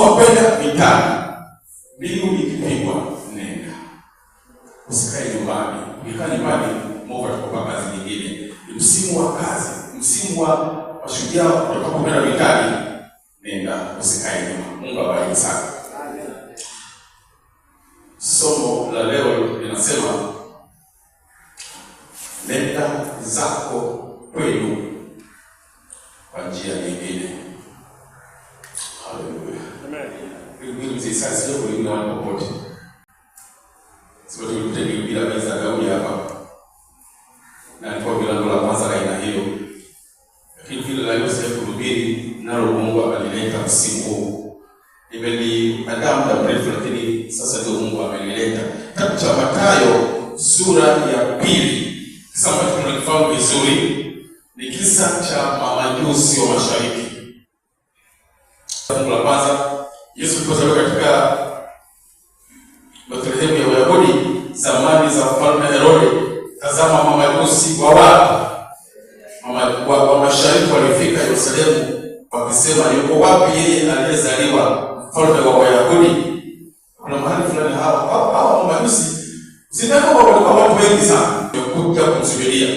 wa kwenda vitani, mbingu ikipigwa nenda. Usikae nyumbani, ukikaa nyumbani Mungu atakupa kazi nyingine. Ni msimu wa kazi, msimu wa mashujaa kutoka kwenda vitani, nenda, usikae nyuma. Mungu awabariki sana. Somo la leo linasema nenda zako kwenu kwa njia nyingine. risasi sio kulimu na wako wote. Sote tulikuta nilihubiri habari hapa. Na nilikuwa kwa lango la kwanza la aina hiyo. Lakini vile la Yosefu kuhubiri nalo Mungu akalileta msimu huu. Nimeliandaa muda mrefu lakini sasa ndio Mungu amelileta. Kitabu cha Mathayo sura ya pili. Kisa ambacho tunakifahamu vizuri ni kisa cha mamajusi wa mashariki. Fungu la kwanza Yesu alipozaliwa katika Bethlehemu ya wayahudi zamani za mfalme Herode, tazama mamajusi wa wapi wa mashariki walifika Yerusalemu wakisema, yuko wapi yeye aliyezaliwa mfalme wa Wayahudi? Kuna mahali fulani hawa hawa mamajusi sinakuwa walikuwa watu wengi sana, kuja kumsujudia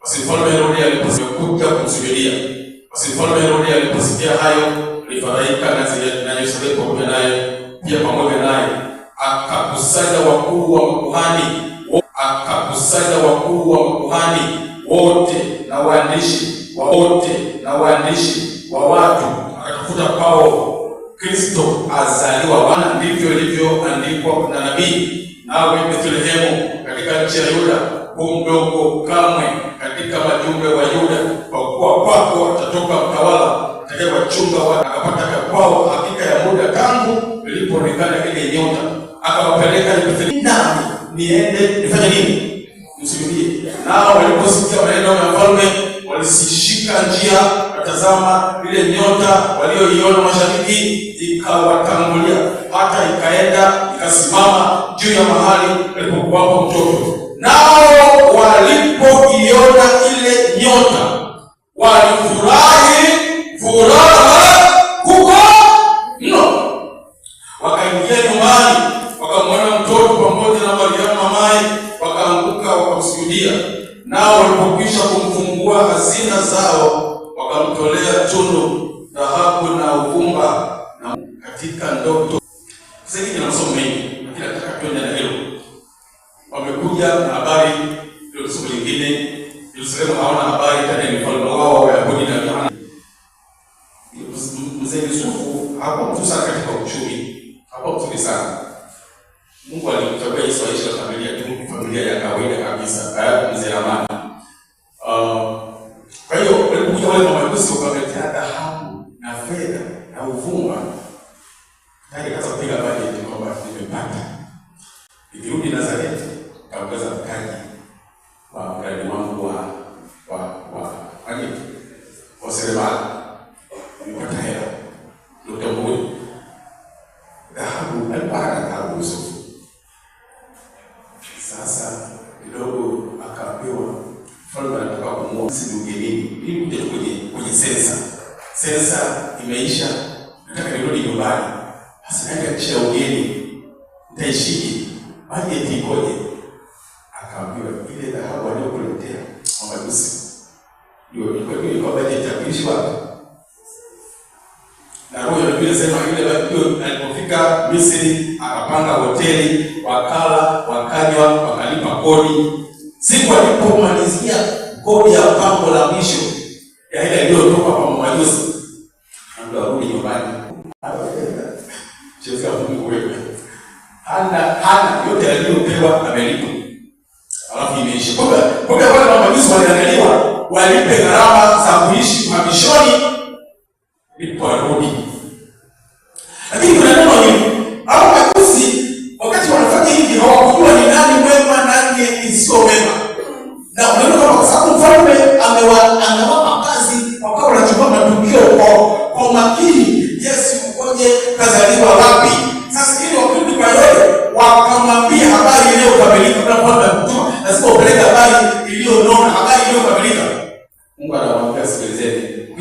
basi. Mfalme Herode aliposikia kumsujudia basi, mfalme Herode aliposikia hayo alifarahika na zile Yerusalemu pamoja naye pia pamoja naye akakusanya wakuu wa makuhani akakusanya wakuu wa makuhani wote na waandishi wote na waandishi wa watu, akatafuta Paulo Kristo azaliwa. Wana ndivyo ilivyoandikwa na nabii, nawe Bethlehemu katika nchi ya Yuda, huu mdogo kamwe katika majumbe wa Yuda, kwa kuwa kwako atatoka mtawala atakayewachunga akapata kwao Uganda ile nyota akawapeleka ndani, niende nifanye nini? Msimie nao waliposikia wanaenda na mfalme, walisishika njia, watazama ile nyota walioiona mashariki ikawatangulia, hata ikaenda ikasimama juu ya mahali alipokuwapo mtoto. Nao walipoiona ile nyota walifurahi furahi wakaingia nyumbani, wakamwona mtoto pamoja na Mariamu mamaye, wakaanguka wakamsujudia. Nao walipokwisha kumfungua hazina zao, wakamtolea tunu, dhahabu na uvumba na katika ndoto. Sasa hivi na masomo mengi, lakini nataka tuende na hilo. Wamekuja na habari, hilo somo lingine. Yerusalemu haona habari tena ni mfalme itakuwa isoisha familia tu, familia ya kawaida kabisa, eh, mzee Amani. Uh, kwa hiyo ulipokuja wale mamagusi ukameteada hapo na fedha na uvumba tayari kaza kupiga bajeti kwamba nimepata, nikirudi Nazareti nitaweza mtaji kidogo akaambiwa mfalme anataka kumua sisi ugenini, ili kuja kwenye kwenye sensa. Sensa imeisha, nataka nirudi nyumbani. Hasa naenda nchi ya ugeni, nitaishije? Bajeti ikoje? Akaambiwa ile dhahabu aliyokuletea mamajusi ndio ilikuwa kwa bajeti ya kuishi wapi na roho ya Biblia sema ile yule alipofika Misri akapanga hoteli, wakala, wakanywa kodi, Siku alipomalizia kodi ya pango la mwisho ya ile iliyotoka kwa mwajusi, ndio arudi nyumbani cheza Mungu wewe, hana hana yote aliyopewa amelipa, alafu imeishi. Kumbe kumbe wale mamajusi waliangaliwa walipe gharama za kuishi uhamishoni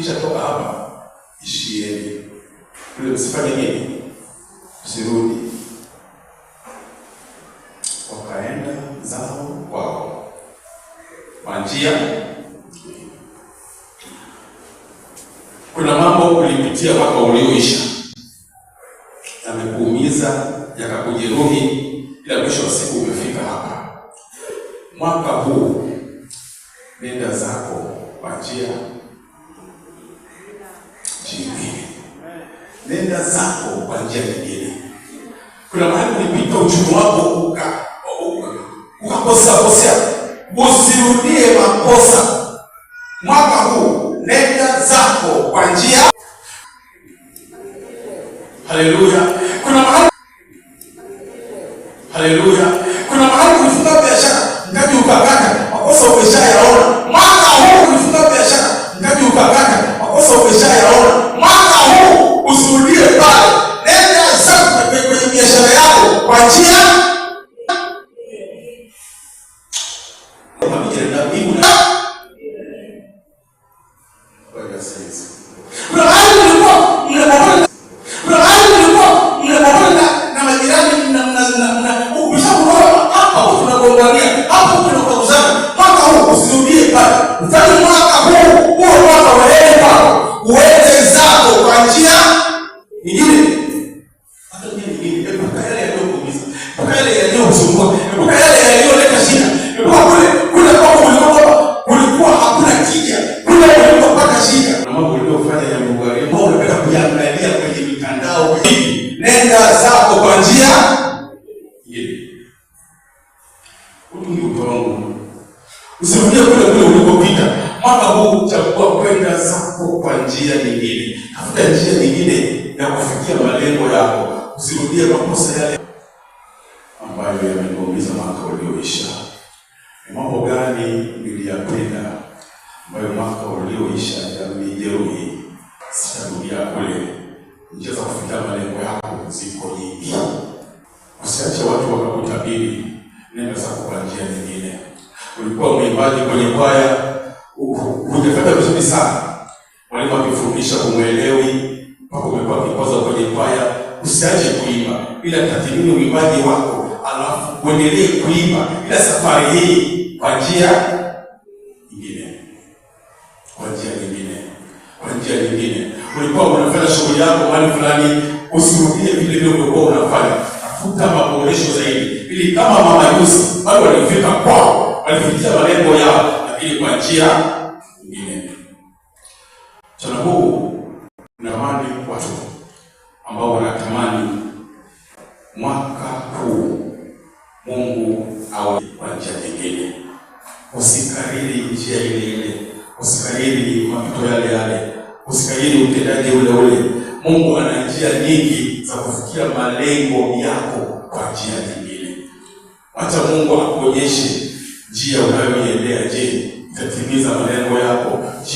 kisha toka hapa, ishieni kule, msifanye nini, msirudi. Wakaenda zao wao kwa njia. Kuna mambo ulipitia mpaka ulioisha, yamekuumiza yakakujeruhi, ila mwisho wa siku umefika hapa. Mwaka huu nenda zako kwa njia nenda zako kwa njia nyingine. Kuna mahali ulipita uchumi wako uka ukakosea kosea, usirudie makosa. Mwaka huu nenda zako kwa njia. Haleluya! Kuna mahali haleluya, kuna mahali ulifunga biashara ngapi ukakata, makosa umeshayaona. Mwaka huu ulifunga biashara ngapi ukakata, makosa umeshayaona. Huku ni kwa wangu. Usirudia kule ulikopita. Mwaka huu chagua kwenda zako kwa njia nyingine. Tafuta njia nyingine ya kufikia malengo yako. Usirudie makosa yale. ulikuwa mwimbaji kwenye kwaya, hujafanya vizuri sana, mwalimu akifundisha kumwelewi, mpaka umekuwa kikwaza kwenye kwaya. Usiache kuimba, ila tathmini uimbaji wako, alafu uendelee kuimba, ila safari hii kwa njia nyingine, kwa njia nyingine, kwa njia nyingine. Ulikuwa unafanya shughuli yako mahali fulani, usirudie vile vile ulikuwa unafanya, tafuta maboresho zaidi, ili kama mamajusi bado walifika kwao walifikisha malengo yao, lakini kwa njia nyingine. Mchana huu natamani watu ambao wanatamani mwaka huu Mungu awe kwa njia nyingine. Usikariri njia ile ile, usikariri mapito yale yale, usikariri utendaji ule ule. Mungu ana njia nyingi za kufikia malengo yako kwa njia nyingine. Acha Mungu akuonyeshe njia unayoiendea. Je, itatimiza malengo yako? njia